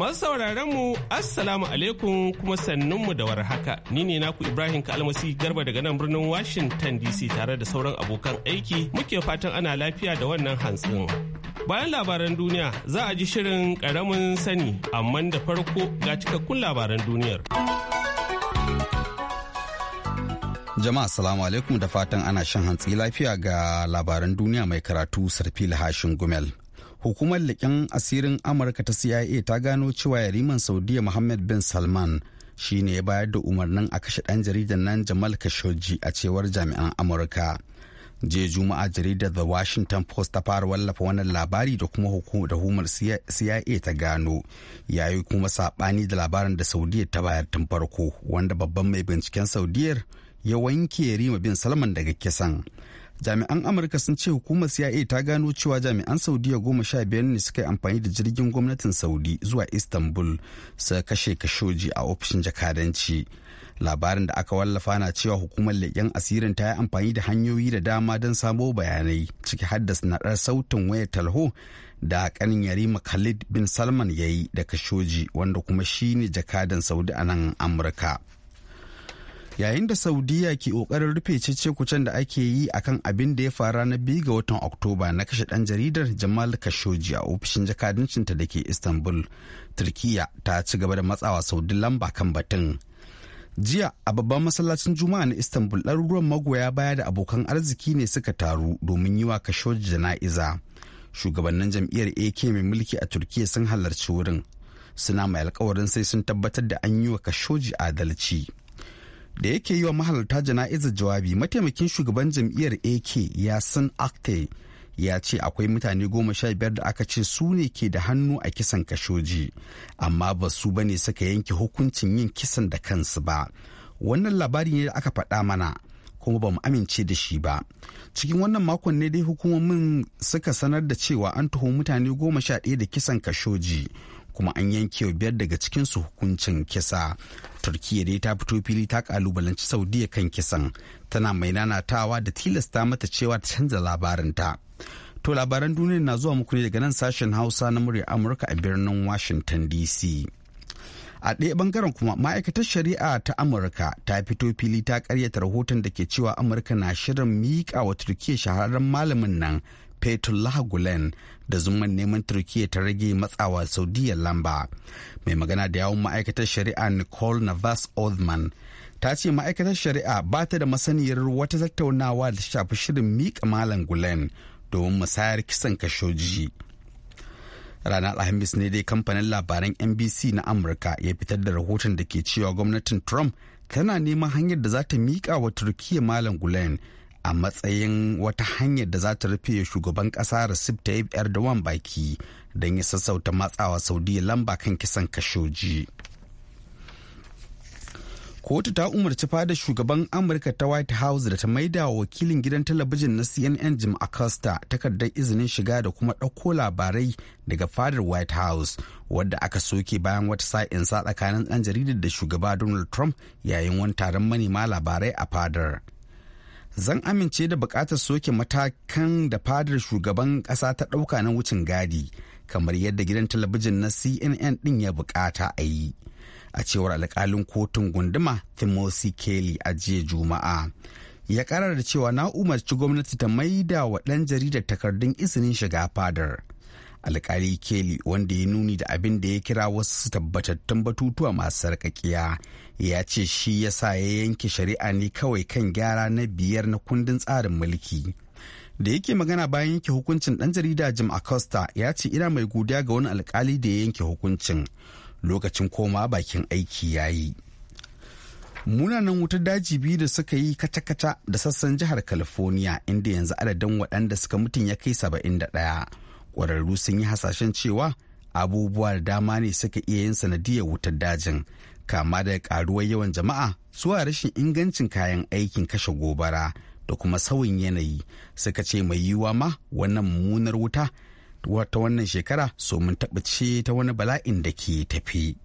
Masu sauraron mu Assalamu alaikum kuma mu da warhaka. Ni ne naku Ibrahim Kalmasi Garba daga nan birnin Washington DC tare da sauran abokan aiki muke fatan ana lafiya da wannan hantsin. Bayan labaran duniya za a ji shirin karamin sani amma da farko ga cikakkun labaran duniyar. Jama'a salamu alaikum da fatan ana shan hantsi lafiya ga labaran duniya mai karatu Sarfil Hashin Gumel. hukumar leƙen asirin amurka ta cia ta gano cewa yariman saudiya muhammad bin salman shi ne ya bayar da umarnin a kashe ɗan jaridar nan jamal khashoggi a cewar jami'an amurka jiya juma'a jaridar the washington post ta fara wallafa wannan labari da kuma hukumar cia ta gano yayi kuma saɓani da labarin da saudiya ta bayar tun farko wanda babban mai binciken saudiyar ya wanke rima bin salman daga kisan jami'an amurka sun ce hukumar cia ta gano cewa jami'an saudiya goma sha biyar ne suka yi amfani da jirgin gwamnatin saudi zuwa istanbul su kashe kashoji a ofishin jakadanci labarin da aka wallafa na cewa hukumar leƙen asirin ta yi amfani da hanyoyi da dama don samo bayanai ciki haddasa naɗar sautin wayar talho da kanin yarima khalid bin salman ya yi da kashoji wanda kuma shine jakadan saudi a nan amurka yayin da saudiya ke kokarin rufe cece-kucen da ake yi akan abin da ya fara na biyu ga watan oktoba na kashe dan jaridar jamal khashoggi a ofishin jakadancinta da ke istanbul turkiya ta ci gaba da matsawa saudi lamba kan batun jiya a babban masallacin juma'a na istanbul ɗaruruwan magoya baya da abokan arziki ne suka taru domin yi wa khashoggi jana'iza shugabannin jam'iyyar ak mai mulki a turkiya sun halarci wurin suna mai alkawarin sai sun tabbatar da an yi wa kashoji adalci da yake yi wa mahalarta jana'izar jawabi mataimakin shugaban jam'iyyar ak yasin akte ya ce akwai mutane goma sha biyar da aka ce su ne ke da hannu a kisan kashoji amma ba su ba ne suka yanke hukuncin yin kisan da kansu ba wannan labari ne da aka faɗa mana kuma ba mu amince da shi ba cikin wannan makon ne dai hukumomin suka sanar da cewa an tuho mutane goma sha ɗaya da kisan kashoji kuma an yanke wa biyar daga cikinsu hukuncin kisa turkiya dai ta fito fili ta kalubalanci saudiya kan kisan tana mai nanatawa da tilasta mata cewa ta canza labarinta to labaran duniya na zuwa muku ne daga nan sashen hausa na murya amurka a birnin washington dc a ɗaya bangaren kuma ma'aikatar shari'a ta amurka ta fito fili ta karyata rahoton da ke cewa amurka na shirin miƙa wa turkiya shahararren malamin nan fetullah gulen da zuman neman turkiyya ta rage matsawa saudiya lamba mai magana da yawon ma'aikatar shari'a nicole navas oldman ta ce ma'aikatar shari'a ba ta da masaniyar wata tattaunawa da ta shafi shirin miƙa malam gulen domin musayar kisan kashoji ranar alhamis ne dai kamfanin labaran nbc na amurka ya fitar da rahoton da ke cewa gwamnatin trump tana neman hanyar da za ta miƙa wa turkiyya malam gulen a matsayin wata hanyar da za ta rufe shugaban ƙasa Recep Tayyip Erdogan baki don ya sassauta matsawa Saudiya lamba kan kisan kashoji. kotu ta umarci fadar shugaban amurka ta white house da ta maida wa wakilin gidan talabijin na cnn jim acosta takardar izinin shiga da kuma ɗauko labarai daga fadar white house wadda aka soke bayan wata sa'in sa tsakanin ɗan jaridar da shugaba donald trump yayin wani taron manema labarai a fadar. zan amince da bukatar soke matakan da fadar shugaban kasa ta dauka na wucin gadi kamar yadda gidan talabijin na cnn din ya bukata a yi a cewar alkalin kotun gunduma timothy kelly a jiya juma'a ya karar da cewa na umarci gwamnati ta maida wa ɗan jaridar takardun izinin shiga fadar alkali keli wanda ya nuni da abin da ya kira wasu tabbatattun batutuwa masu sarkakiya ya ce shi ya sa ya yanke shari'a ne kawai kan gyara na biyar na kundin tsarin mulki da yake magana bayan yanke hukuncin dan jarida jim acosta ya ce ina mai godiya ga wani alkali da ya yanke hukuncin lokacin koma bakin aiki ya yi munanan wutar daji biyu da suka yi kata-kata da sassan jihar california inda yanzu adadin waɗanda suka mutum ya kai 71 Kwararru sun yi hasashen cewa abubuwa da dama ne suka iya yin sanadiyar wutar dajin kama da karuwar yawan jama'a zuwa rashin ingancin kayan aikin kashe gobara da kuma sauyin yanayi suka ce mai yiwuwa ma wannan mummunar wuta ta wannan shekara so mun taɓace ta wani bala'in da ke tafi.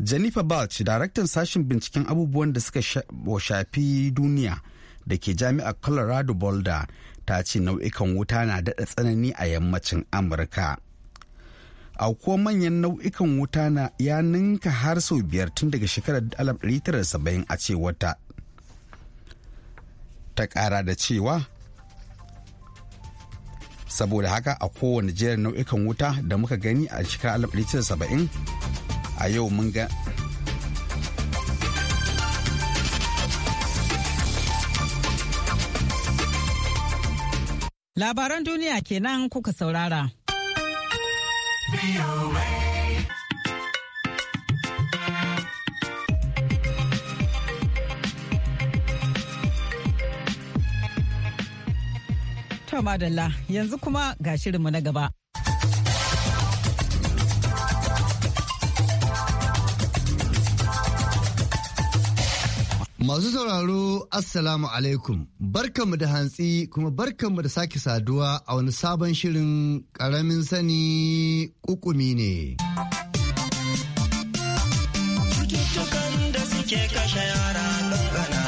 Jennifer Balch, daraktan sashen binciken abubuwan da suka shafi duniya da ke jami'ar Colorado Boulder ta ce nau'ikan wuta na daɗa tsanani a yammacin amurka a kuwa manyan nau'ikan wuta na ya ninka har sau biyar tun daga shekarar 1970 a cewarta ta ƙara da cewa saboda haka a kowane jerin nau'ikan wuta da muka gani a shekarar 1970 a yau mun ga Labaran duniya kenan kuka saurara. Tama yanzu kuma ga shirinmu na gaba. Masu sauraro Assalamu alaikum, barkanmu da hantsi kuma barkanmu da sake saduwa a wani sabon shirin ƙaramin sani ƙuƙumi ne. Cututtukan da suke kashe yara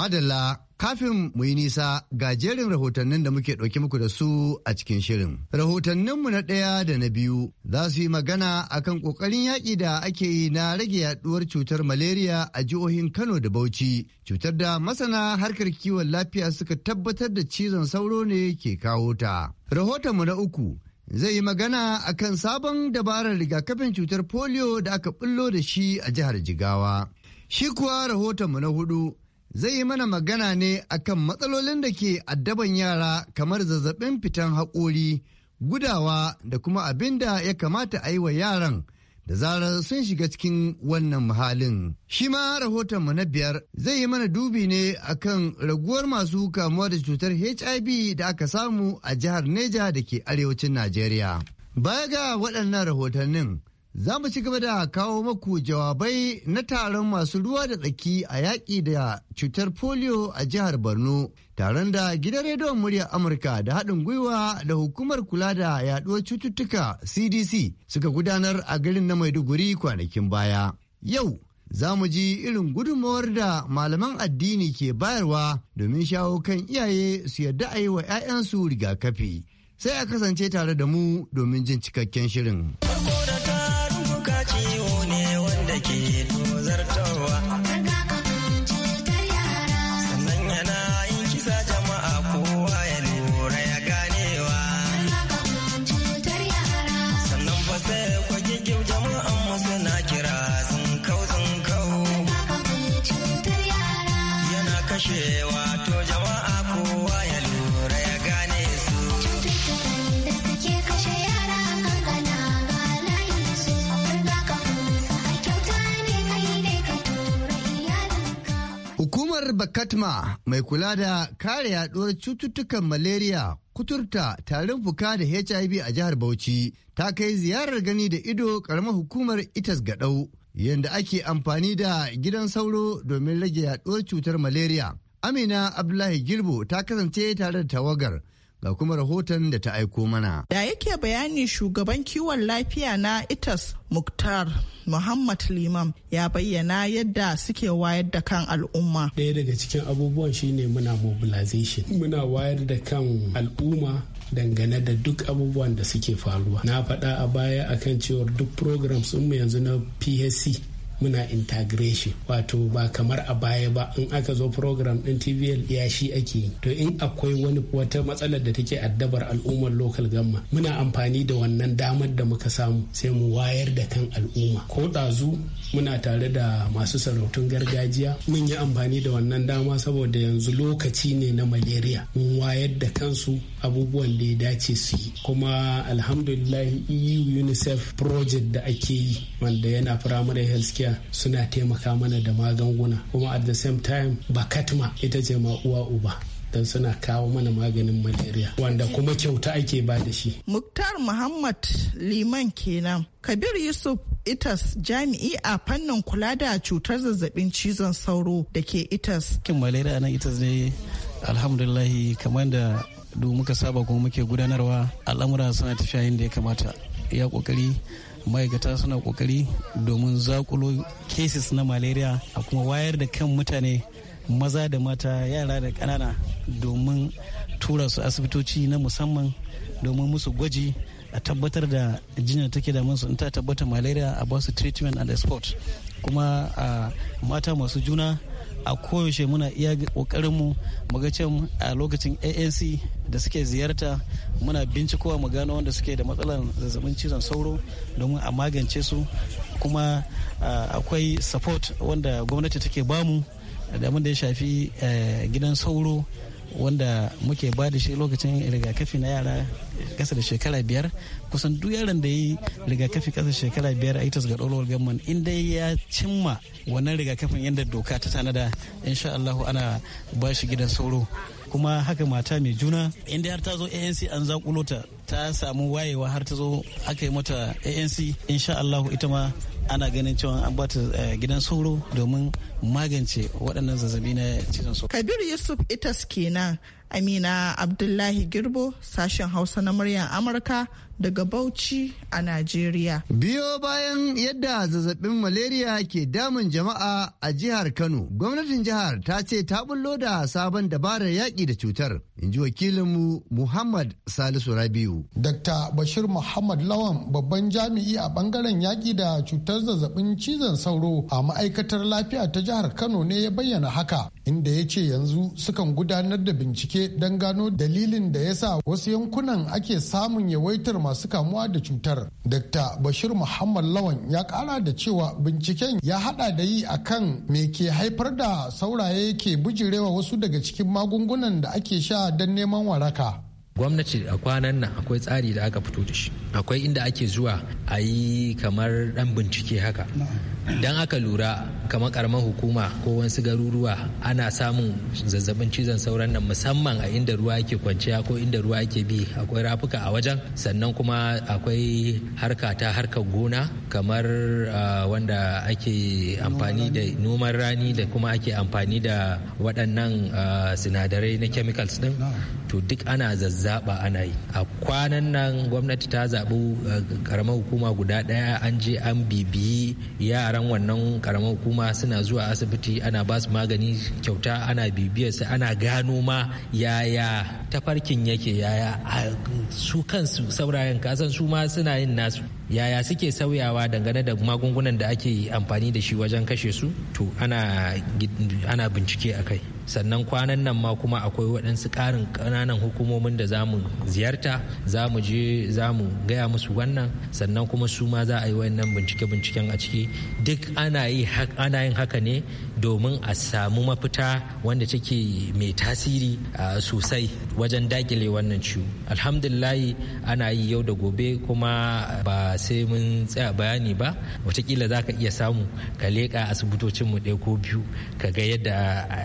Madalla kafin mu yi nisa ga jerin rahotannin da muke ɗauki muku da su a cikin shirin. Rahotanninmu na ɗaya da na biyu za su yi magana akan ƙoƙarin yaƙi da ake yi na rage yaɗuwar cutar malaria a jihohin Kano da Bauchi. Cutar da masana harkar kiwon lafiya suka tabbatar da cizon sauro ne ke kawo ta. rahotanmu na uku zai yi magana akan sabon dabarar rigakafin cutar polio da aka bullo da shi a jihar Jigawa. Shi kuwa rahotanmu na hudu zai yi mana magana ne akan matsalolin da ke addaban yara kamar zazzabin fitan haƙori gudawa da kuma abin da ya kamata a yi wa yaran da zarar sun shiga cikin wannan muhalin. Shi ma rahoton mu na biyar zai yi mana dubi ne akan raguwar masu kamuwa da cutar HIV da aka samu a jihar Neja da ke arewacin Najeriya. Baya ga waɗannan rahotannin. za mu ci gaba da kawo maku jawabai na taron masu ruwa da tsaki a yaƙi da cutar polio a jihar borno taron da gidan rediyon muryar amurka da haɗin gwiwa da hukumar kula da yaɗuwar cututtuka cdc suka gudanar a garin na maiduguri kwanakin baya yau za mu ji irin gudunmawar da malaman addini ke bayarwa domin shawo kan iyaye su yarda a yi wa 'ya'yansu rigakafi sai a kasance tare da mu domin jin cikakken shirin. Abba Katma mai kula da kare yaduwar cututtukan malaria, kuturta, tarin fuka da HIV a jihar Bauchi ta kai ziyarar gani da ido karamar hukumar Itas Gadau yadda ake amfani da gidan sauro domin rage yaduwar cutar malaria. Amina Abdullahi Girbo ta kasance tare da tawagar. ga kuma rahoton da ta aiko mana. Da yake bayani shugaban kiwon lafiya na ITAS Muktar Muhammad Limam ya bayyana yadda suke wayar da kan al'umma. Ɗaya daga cikin abubuwan shine muna mobilization. Muna wayar da kan al'umma dangane da duk abubuwan da suke faruwa. Na faɗa a baya akan cewar duk programs mu yanzu na PSC muna integration wato ba kamar a baya ba in aka zo program din tvl ya shi ake yi to in akwai wani wata matsalar da take addabar al'ummar local gamma muna amfani da wannan damar da muka samu sai mu wayar da kan al'umma ko dazu muna tare da masu sarautun gargajiya mun yi amfani da wannan dama saboda yanzu lokaci ne na malaria mun wayar da kansu abubuwan da ya dace su yi kuma alhamdulillah eu unicef project da ake yi wanda yana primary health lafiya suna taimaka mana da magunguna kuma at the same time bakatma ita ce ma uwa uba don suna kawo mana maganin malaria wanda kuma kyauta ake ba da shi. Muktar Muhammad Liman kenan. Kabir Yusuf Itas jami'i a fannin kula da cutar zazzabin cizon sauro da ke Itas. Kin malaria nan Itas ne alhamdulillah kamar da duk muka saba kuma muke gudanarwa al'amura suna tafiya yadda ya kamata. Ya kokari ma'aikata suna kokari domin zakulo cases na malaria a kuma wayar da kan mutane maza da mata yara da kanana domin tura su asibitoci na musamman domin musu gwaji a tabbatar da jinya take da in ta tabbata malaria a basu treatment and sport kuma a mata masu juna a koyaushe muna iya kokarinmu mu ga a lokacin anc da suke ziyarta muna bincikowa mu gano wanda suke da matsalar zazzabin cizon sauro domin a magance su kuma ah, akwai support wanda gwamnati take bamu da mun da ya shafi eh, gidan sauro wanda muke ba da shi lokacin rigakafi na yara kasa da shekara biyar kusan duk yaran da ya yi rigakafi kasa shekara biyar a itas ga ɗorowar gamman inda ya cimma wannan rigakafin yadda doka ta tanada insha Allah ana ba shi gidan sauro kuma haka mata mai juna inda har ta zo anc an zakulota ta samu wayewa har ta zo aka yi mata anc insha allahu ita ma ana ganin cewa an bata eh, gidan sauro domin magance waɗannan zazzabi na cizon sauro kabiru yusuf itas kenan Amina Abdullahi Girbo sashen Hausa na muryar Amurka daga Bauchi a Najeriya. Biyo bayan yadda zazzabin malaria ke damun jama'a a jihar Kano, gwamnatin jihar ta ce ta bullo da sabon dabarar yaƙi da cutar, in ji wakilinmu Muhammad Salisu Rabiu. Dr. Bashir Muhammad Lawan babban jami'i a bangaren yaƙi da cutar zazzabin cizon sauro a ma'aikatar lafiya ta jihar Kano ne ya bayyana haka inda ya ce yanzu sukan gudanar da bincike don gano dalilin da ya sa wasu yankunan ake samun yawaitar masu kamuwa da cutar. Dr. Bashir Muhammad Lawan ya kara da cewa binciken ya hada da yi a kan me ke haifar da sauraye ke bijirewa wasu daga cikin magungunan da ake sha don neman waraka. gwamnati a kwanan nan akwai tsari da aka fito da shi akwai inda ake zuwa a yi kamar dan bincike haka don aka lura kamar karamar hukuma ko wasu garuruwa ana samun zazzabin cizon sauran nan musamman a inda ruwa yake kwanciya ko inda ruwa yake bi akwai rafuka a wajen sannan kuma akwai harka ta harkar gona kamar ah, wanda ake amfani da noman rani da kuma ake amfani da waɗannan ah, sinadarai na chemicals din to duk ana zazzaba ana yi a kwanan nan gwamnati ta zaɓi karamar ah, hukuma guda ɗaya an je an bibiyi yara karan wannan karamar hukuma suna zuwa asibiti ana basu magani kyauta ana bibiyar su ana gano ma yaya tafarkin yake yaya su kansu saurayen kasan su ma suna yin nasu yaya suke sauyawa dangane da magungunan da ake amfani da shi wajen kashe su to ana bincike a kai sannan kwanan nan ma kuma akwai waɗansu ƙarin ƙananan hukumomin da zamu ziyarta za mu je za mu gaya musu wannan sannan kuma su ma za a yi wannan bincike-binciken a ciki duk ana yin haka ne domin a samu mafita wanda take mai tasiri sosai wajen dakile wannan ciwo alhamdulillahi ana yi yau da gobe kuma ba sai mun tsaya bayani ba watakila za ka iya samu ka leƙa asibitocinmu ɗaya ko biyu ka ga yadda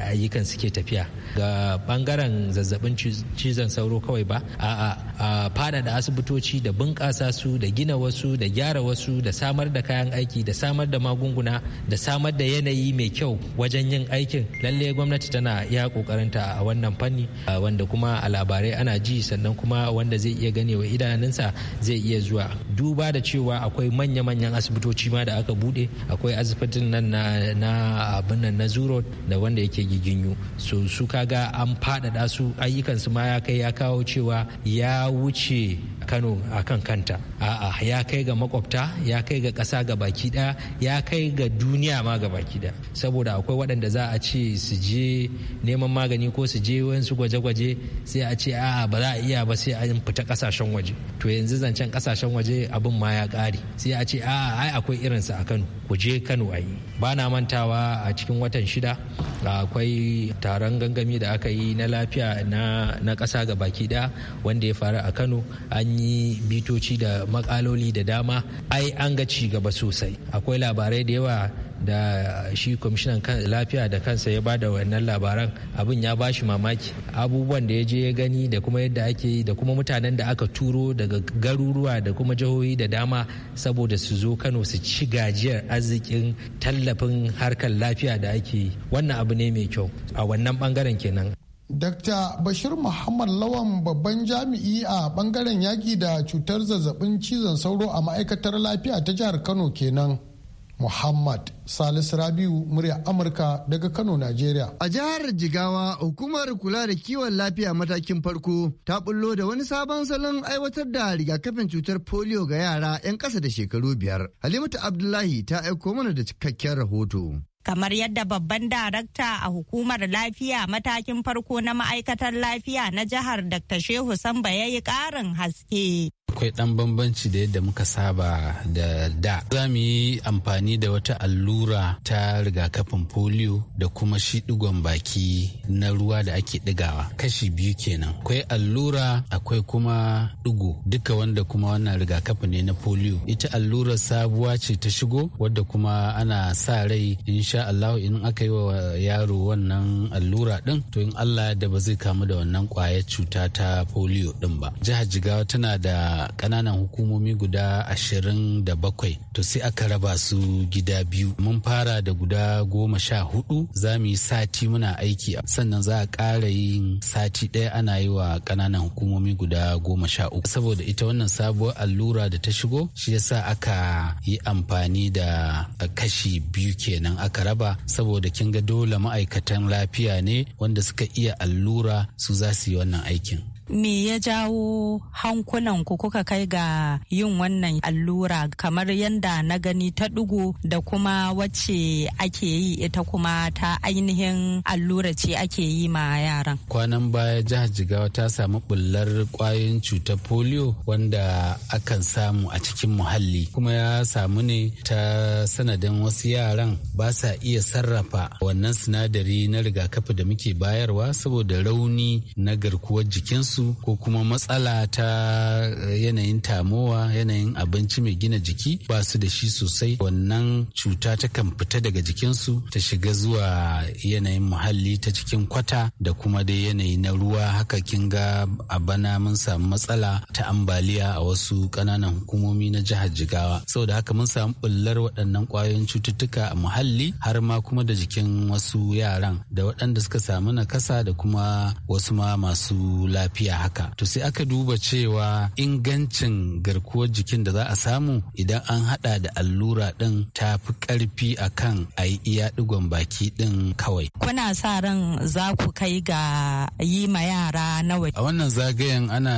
ayyukan suke tafiya ga bangaren zazzabin cizon sauro kawai ba a a faɗaɗa asibitoci da bunƙasa su da gina wasu da gyara wasu da samar da kayan aiki da samar da magunguna da samar da yanayi mai kyau wajen yin aikin lalle gwamnati tana iya ƙoƙarinta a wannan fanni wanda kuma a labarai ana ji sannan kuma wanda zai iya gane wa idanunsa zai iya zuwa duba da cewa akwai manya-manyan asibitoci ma da aka bude akwai asibitin nan na abin nan na zuro da wanda yake giginyu so su kaga an faɗaɗa su ayyukansu ma ya kai ya kawo cewa ya wuce kano a kan kanta a'a ya kai ga makwabta ya kai ga ƙasa ga baki ɗaya ya kai ga duniya ma ga baki ɗaya saboda akwai waɗanda za a ce su je neman magani ko su je wayansu gwaje-gwaje sai a ce a'a ba za a iya ba sai an fita ƙasashen waje to yanzu zancen ƙasashen waje abin ma ya ƙare sai a ce a'a ai akwai irinsa a kano ku je kano a yi ba na mantawa a cikin watan shida akwai taron gangami da aka yi na lafiya na ƙasa ga baki ɗaya wanda ya faru a kano an an yi bitoci da makaloli da dama ai an ga gaba sosai akwai labarai da yawa da shi kwamishinan lafiya da kansa ya bada wannan labaran abin ya bashi mamaki abubuwan da ya je ya gani da kuma yadda ake yi da kuma mutanen da aka turo daga garuruwa da kuma jihohi da dama saboda su zo kano su ci gajiyar arzikin tallafin harkar lafiya da ake yi wannan abu ne mai kyau a wannan bangaren kenan Dr. Bashir Muhammad Lawan babban jami'i a bangaren yaƙi da cutar zazzabin cizon sauro a ma'aikatar lafiya ta jihar Kano kenan. Muhammad Salisu Rabiu murya Amurka daga Kano, Najeriya. A jihar Jigawa, hukumar kula da kiwon lafiya matakin farko ta bullo da wani sabon salon aiwatar da rigakafin cutar polio ga yara 'yan ƙasa da shekaru biyar. Halimatu Abdullahi ta aiko mana da cikakken rahoto. kamar yadda babban darakta a hukumar lafiya matakin farko na ma'aikatar lafiya na jihar dr shehu samba ya yi ƙarin haske akwai ɗan bambanci da yadda muka saba da da za mu yi amfani da wata allura ta rigakafin polio da kuma shi digon baki na ruwa da ake digawa kashi biyu kenan akwai allura akwai kuma digo duka wanda kuma wannan rigakafi ne na polio ita allura sabuwa ce ta shigo wadda kuma ana sa rai insha Allah in aka yi wa yaro wannan allura din to in Allah ya da ba zai kamu da wannan kwayar cuta ta polio din ba jihar Jigawa tana da kananan hukumomi guda ashirin da bakwai to sai aka raba su gida biyu mun fara da guda goma sha hudu za mu yi sati muna aiki sannan za a ƙara yin sati ɗaya ana yi wa ƙananan hukumomi guda goma sha uku saboda ita wannan sabuwar allura da ta shigo shi yasa aka yi amfani da kashi biyu kenan aka raba saboda kin ga dole ma'aikatan lafiya ne wanda suka iya allura su za su yi wannan aikin Me ya jawo hankunan ku kuka kai ga yin wannan allura kamar yadda na gani ta ɗugu da kuma wacce ake yi ita kuma ta ainihin allura ce ake yi ma yaran. Kwanan baya jihar Jigawa ta samu bullar kwayoyin cutar polio wanda akan samu a cikin muhalli kuma ya samu ne ta sanadin wasu yaran ba sa iya sarrafa wannan sinadari na rigakafi da muke bayarwa saboda rauni na garkuwar jikinsu su ko kuma matsala ta eh, yanayin tamowa yanayin abinci mai gina jiki ba su da shi sosai wannan cuta ta kan fita daga jikinsu ta shiga zuwa yanayin muhalli ta cikin kwata da kuma dai yanayi na ruwa haka kin ga a bana mun samu matsala ta ambaliya a wasu ƙananan hukumomi na jihar jigawa saboda haka mun samu bullar waɗannan ƙwayoyin cututtuka a muhalli har ma kuma da jikin wasu yaran da waɗanda suka samu nakasa da kuma wasu ma masu lafiya tafiya haka to sai aka duba cewa ingancin garkuwar jikin da za a samu idan an hada da allura ɗin ta fi karfi akan a yi iya digon baki ɗin kawai kuna sa ran za ku kai ga yi ma yara nawa a wannan zagayen ana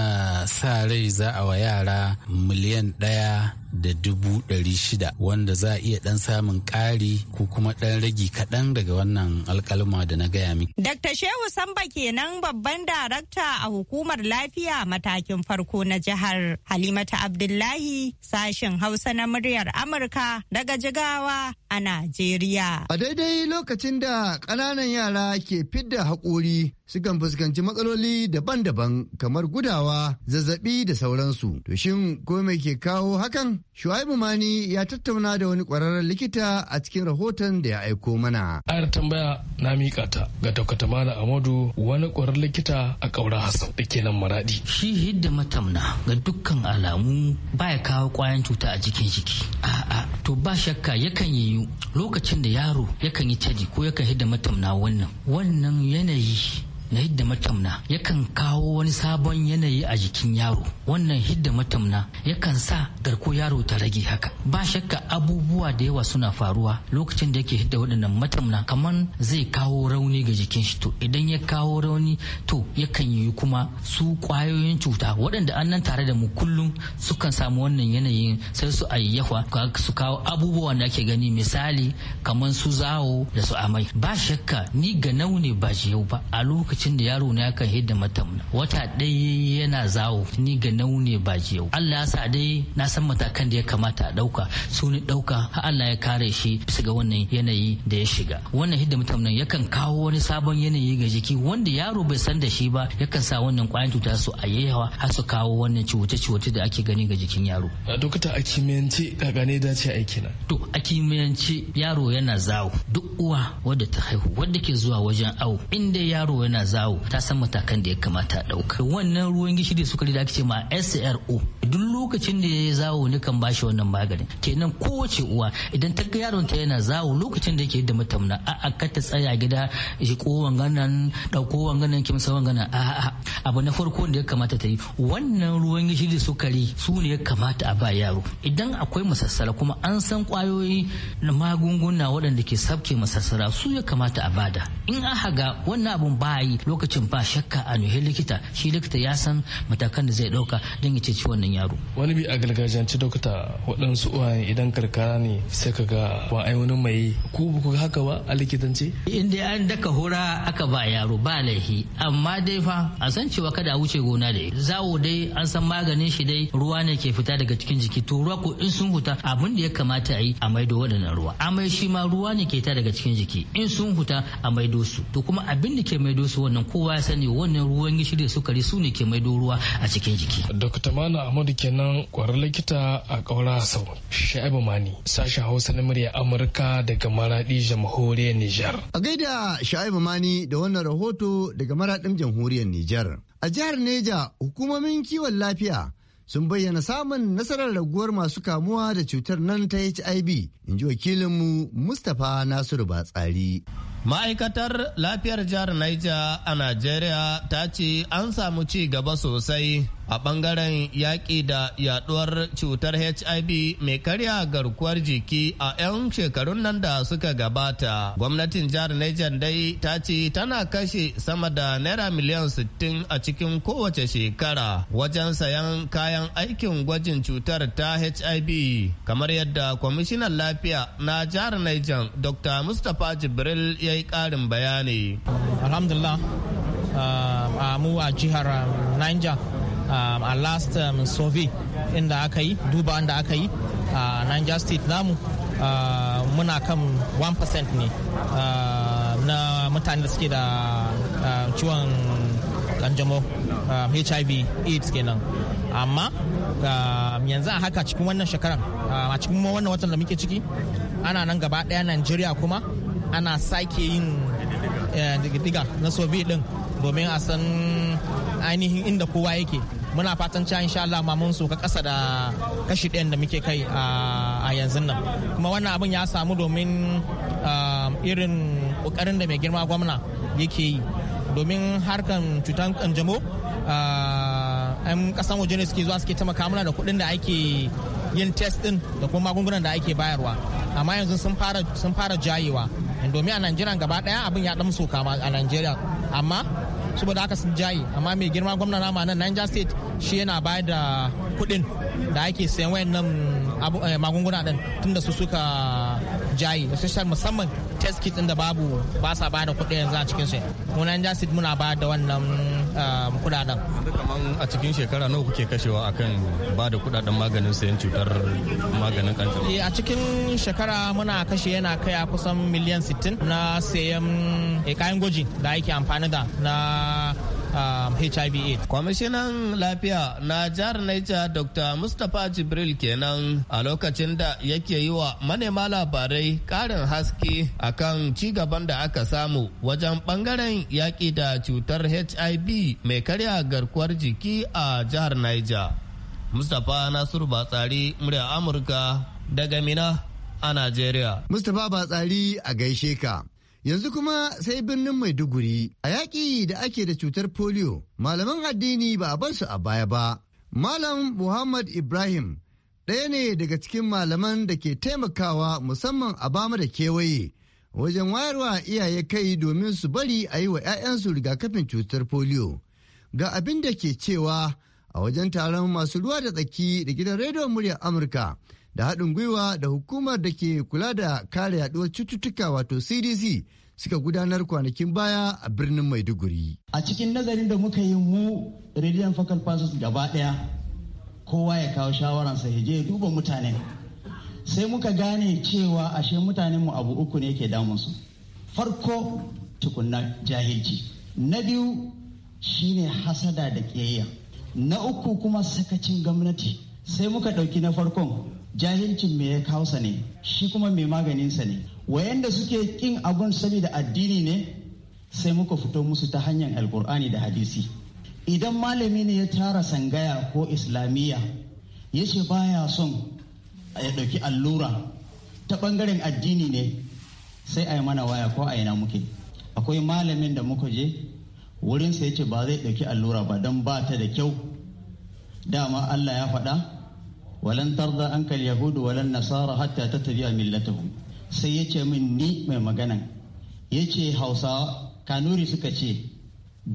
sa rai za a wa yara miliyan ɗaya da dubu ɗari shida wanda za a iya ɗan samun ƙari ko kuma ɗan ragi kaɗan daga wannan alƙalma da na gaya miki. Dr. Shehu Samba kenan babban darakta a hukumar lafiya matakin farko na jihar Halimata Abdullahi sashen Hausa na muryar Amurka daga Jigawa a Najeriya. A daidai lokacin da ƙananan yara ke fidda haƙori sukan fuskanci matsaloli daban-daban kamar gudawa, zazzabi da sauransu. To shin ko me ke kawo hakan? Shu'aibu Mani ya tattauna da wani kwararren likita a cikin rahoton da ya aiko mana. Ayar tambaya na miƙa ta ga Dr. Malam Amadu wani kwararren likita a ƙaura Hassan da ke nan Maradi. Shi hidda matamna ga dukkan alamu baya kawo ƙwayan cuta a jikin jiki. A'a to ba shakka yakan yiwu lokacin da yaro yakan yi caji ko yakan hidda matamna wannan. Wannan yanayi na hidda matamna yakan kawo wani sabon yanayi a jikin yaro wannan hidda matamna yakan sa garko yaro ta rage haka ba shakka abubuwa da yawa suna faruwa lokacin da yake hidda waɗannan matamna kaman zai kawo rauni ga jikin shi to idan ya kawo rauni to yakan yi kuma su kwayoyin cuta waɗanda an nan tare da mu kullum sukan samu wannan yanayin sai su ayyafa su kawo abubuwa da ake gani misali kaman su zawo da su amai ba shakka ni ga nauni ba yau ba a lokacin lokacin da yaro na yakan hidda matamna wata ɗaya yana zawo ni ga naune ba jiyau Allah ya sa dai na san matakan da ya kamata a ɗauka su ni ɗauka har Allah ya kare shi bisa ga wannan yanayi da ya shiga wannan hidda matamna yakan kawo wani sabon yanayi ga jiki wanda yaro bai san da shi ba yakan sa wannan ƙwayan cuta su a yawa har su kawo wannan ciwoce-ciwoce da ake gani ga jikin yaro. Dokta a kimiyyance kaga ne dace aiki na. To a kimiyyance yaro yana zawo duk uwa wadda ta haihu wadda ke zuwa wajen awo inda yaro yana zawo ta san matakan da ya kamata a ɗauka wannan ruwan gishiri sukari da ake ce ma SRO duk lokacin da ya zawo ne kan bashi wannan maganin kenan kowace uwa idan ta ga yaron ta yana zawo lokacin da yake da matamna a a ta tsaya gida shi ko wanganan dauko wanganan kimsa wanganan a a abu na farko da ya kamata ta yi wannan ruwan gishiri sukari su ne ya kamata a ba yaro idan akwai masassara kuma an san kwayoyi na magunguna waɗanda ke sabke masassara su ya kamata a bada in aka ga wannan abun ba yi lokacin ba shakka a nuhin likita shi likita ya san matakan da zai dauka don ya ceci wannan yaro wani bi a gargajiyanci dokta waɗansu uwayen idan karkara ne sai ka ga ba ai wani mai ku ba ku haka ba a likitanci in dai an daka hura aka ba yaro ba laifi amma dai fa a san cewa kada a wuce gona da zawo dai an san maganin shi dai ruwa ne ke fita daga cikin jiki to ruwa ko in sun huta abin da ya kamata a yi a maido waɗannan ruwa amai shi ma ruwa ne ke ta daga cikin jiki in sun huta a maido su to kuma abin da ke maido su wannan kowa ya sani wannan ruwan gishiri da sukari su ne ke maido ruwa a cikin jiki. Dr. Mana Ahmadu kenan kwarar likita a ƙaura sau Sha'ibu Mani sashen Hausa na murya Amurka daga Maraɗi jamhuriyar Nijar. A gaida Sha'ibu Mani da wannan rahoto daga Maraɗin jamhuriyar Nijar. A jihar Neja hukumomin kiwon lafiya sun bayyana samun nasarar raguwar masu kamuwa da cutar nan ta HIV, in ji wakilinmu Mustapha Nasiru Batsari. Ma'aikatar lafiyar jihar Niger a Najeriya ta ce an samu ci gaba sosai a ɓangaren yaƙi da yaɗuwar cutar hiv mai karya garkuwar jiki a 'yan shekarun nan da suka gabata gwamnatin jihar niger dai ta ce tana kashe sama da naira miliyan 60 a cikin kowace shekara wajen sayan kayan aikin gwajin cutar ta hiv kamar yadda kwamishinan lafiya na jihar niger dr mustapha jibril ya yi ƙarin bayani alhamdulillah uh, a mu a jihar niger um, a last um, survey inda aka yi duba inda aka yi a uh, niger state namu uh, muna kan 1% ne uh, na mutane da suke da uh, ciwon kanjamau um, hiv aids kenan amma um, yanzu a haka cikin wannan shekaran um, a cikin wannan watan da muke ciki ana nan gaba daya nigeria kuma ana sake yin eh, diga na soviet din domin a san ainihin inda kowa yake muna fatan cewa insha Allah ma mun soka kasa da kashi ɗayan da muke kai a yanzu nan kuma wannan abin ya samu domin um, irin kokarin da mai girma gwamna yake yi domin harkan cutan kanjamo uh, yan kasan waje ne suke zuwa suke taimaka mana da kuɗin da ake yin test ɗin da kuma magungunan da ake bayarwa amma yanzu sun fara jayewa domin a Najeriya gaba ɗaya abin ya ɗan soka a Najeriya amma saboda haka sun jaye amma mai girma gwamna nama nan Niger State shi yana bayar da kuɗin da ake sayan nan eh, magunguna din tunda su suka jayi musamman test kit da babu ba sa bada kuɗi yanzu a cikin su munan jasid muna ba da wannan um, kudaden kaman a cikin shekara nawa kuke kashewa akan ba da kudaden maganin sayan cutar maganin kanjamau eh, a cikin shekara muna kashe yana kai a kusan miliyan 60 na sayan eh, kayan gwaji da ake amfani da na Um, hiv aids kwamishinan lafiya na jihar niger dr mustapha jibril kenan a lokacin da yake yi wa manema labarai karin haske akan cigaban da aka samu wajen bangaren yaƙi da cutar hiv mai karya garkuwar jiki a jihar niger mustapha nasiru batsari murya amurka daga mina a Najeriya. Mustapha Batsari a gaishe ka. Yanzu kuma sai birnin Maiduguri a yaƙi da ake da cutar polio, malaman addini ba a bar su a baya ba. Malam Muhammad Ibrahim ɗaya ne daga cikin malaman da ke taimakawa musamman a bama da kewaye wajen wayarwa iyaye kai domin su bari a yi wa 'ya'yansu rigakafin cutar polio. Ga abin da ke cewa a wajen taron masu ruwa da tsaki da gidan rediyon muryar Amurka da haɗin gwiwa da hukumar da ke kula da kare yaɗuwar cututtuka wato cdc suka gudanar kwanakin baya a birnin maiduguri a cikin nazarin da muka yi mu rediyon focal passes gaba ɗaya kowa ya kawo shawararsa ya je ya duba mutane sai muka gane cewa ashe mutanen mu abu uku ne ke damunsu farko tukunna jahilci na biyu shine hasada da ƙiyayya na uku kuma sakacin gwamnati sai muka ɗauki na farkon jahilcin me ya sa ne shi kuma mai maganinsa ne wayanda suke kin abun saboda addini ne sai muka fito musu ta hanyar alkur'ani da hadisi idan malami ne ya tara sangaya ko islamiyya ya ce baya son ya ɗauki allura ta ɓangaren addini ne sai a yi mana waya ko a ina muke akwai malamin da muka je wurinsa ya ce ba zai ɗauki allura ba don ba ta da kyau dama allah ya faɗa walan tarda an kal yahudu walan nasara hatta tattabi'a millatahum sai yace min ni mai maganan yace hausa kanuri suka ce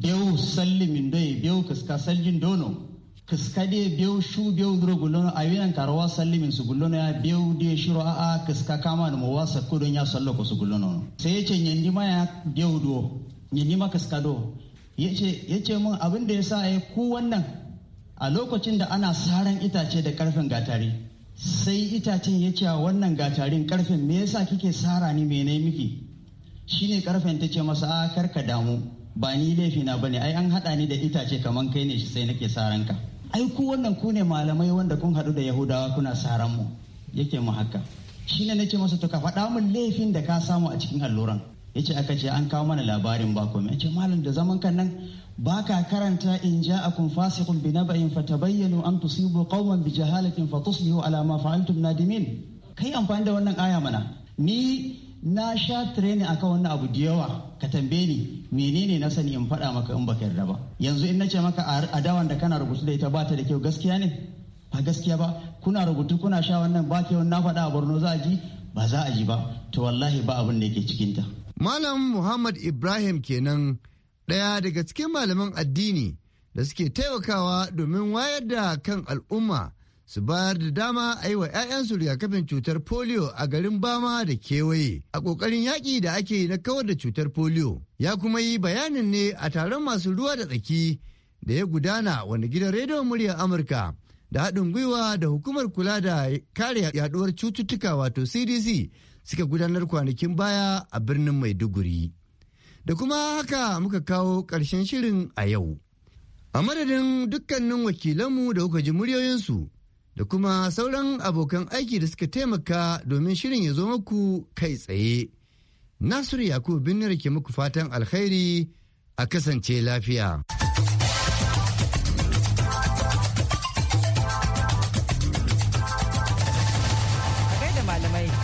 biyu salli min doye biyu kiska saljin dono kiska de biyu shu biyu duro a awinan karwa salli min su gulono ya biyu de shiro a a kiska kama da mawasa kudon ya sallo ku su gulono sai yace nyandi ma ya biyu do nyandi ma kiska do yace yace mun abin da yasa ai ku wannan a lokacin da ana saran itace da karfin gatari sai itacen ya ce wannan gatarin karfin me yasa kike sara ni me ne miki shine karfin ta ce masa a karka damu ba ni laifi na bane ai an hada ni da itace kaman kai ne sai nake saran ka ai ku wannan ku ne malamai wanda kun hadu da yahudawa kuna saran mu yake mu haka shine nace masa to ka faɗa min laifin da ka samu a cikin alluran yace aka ce an kawo mana labarin ba me yace malam da zaman kan nan ba ka karanta in ja'akum fasiqun bi naba'in fatabayyanu an tusibu qauman bi jahalatin fatusbihu alama ma fa'altum nadimin kai amfani da wannan aya mana ni na sha training akan wannan abu da yawa ka tambaye ni menene na sani in faɗa maka in baka yarda ba yanzu in nace maka adawan da kana rubutu da ita ba ta da kyau gaskiya ne ba gaskiya ba kuna rubutu kuna sha wannan ba ke na faɗa a Borno za a ji ba za a ji ba to wallahi ba abin da yake cikinta malam muhammad ibrahim kenan ɗaya daga cikin malaman addini da suke taimakawa domin wayar da kan al'umma su bayar da dama a yi wa 'ya'yansu rigakafin cutar polio a garin bama da kewaye a ƙoƙarin yaƙi da ake yi na kawar da cutar polio ya kuma yi bayanin ne a taron masu ruwa da tsaki da ya gudana wani gidan rediyon muryar amurka da haɗin gwiwa da hukumar kula da kare yaɗuwar cututtuka wato cdc suka gudanar kwanakin baya a birnin maiduguri da kuma haka muka kawo ƙarshen shirin a yau. A madadin dukkanin wakilanmu da kuka ji muryoyinsu da kuma sauran abokan aiki da suka taimaka domin shirin ya zo muku kai tsaye. Nasiru Yakubu binne ke muku fatan alkhairi a kasance lafiya.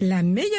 la meilleure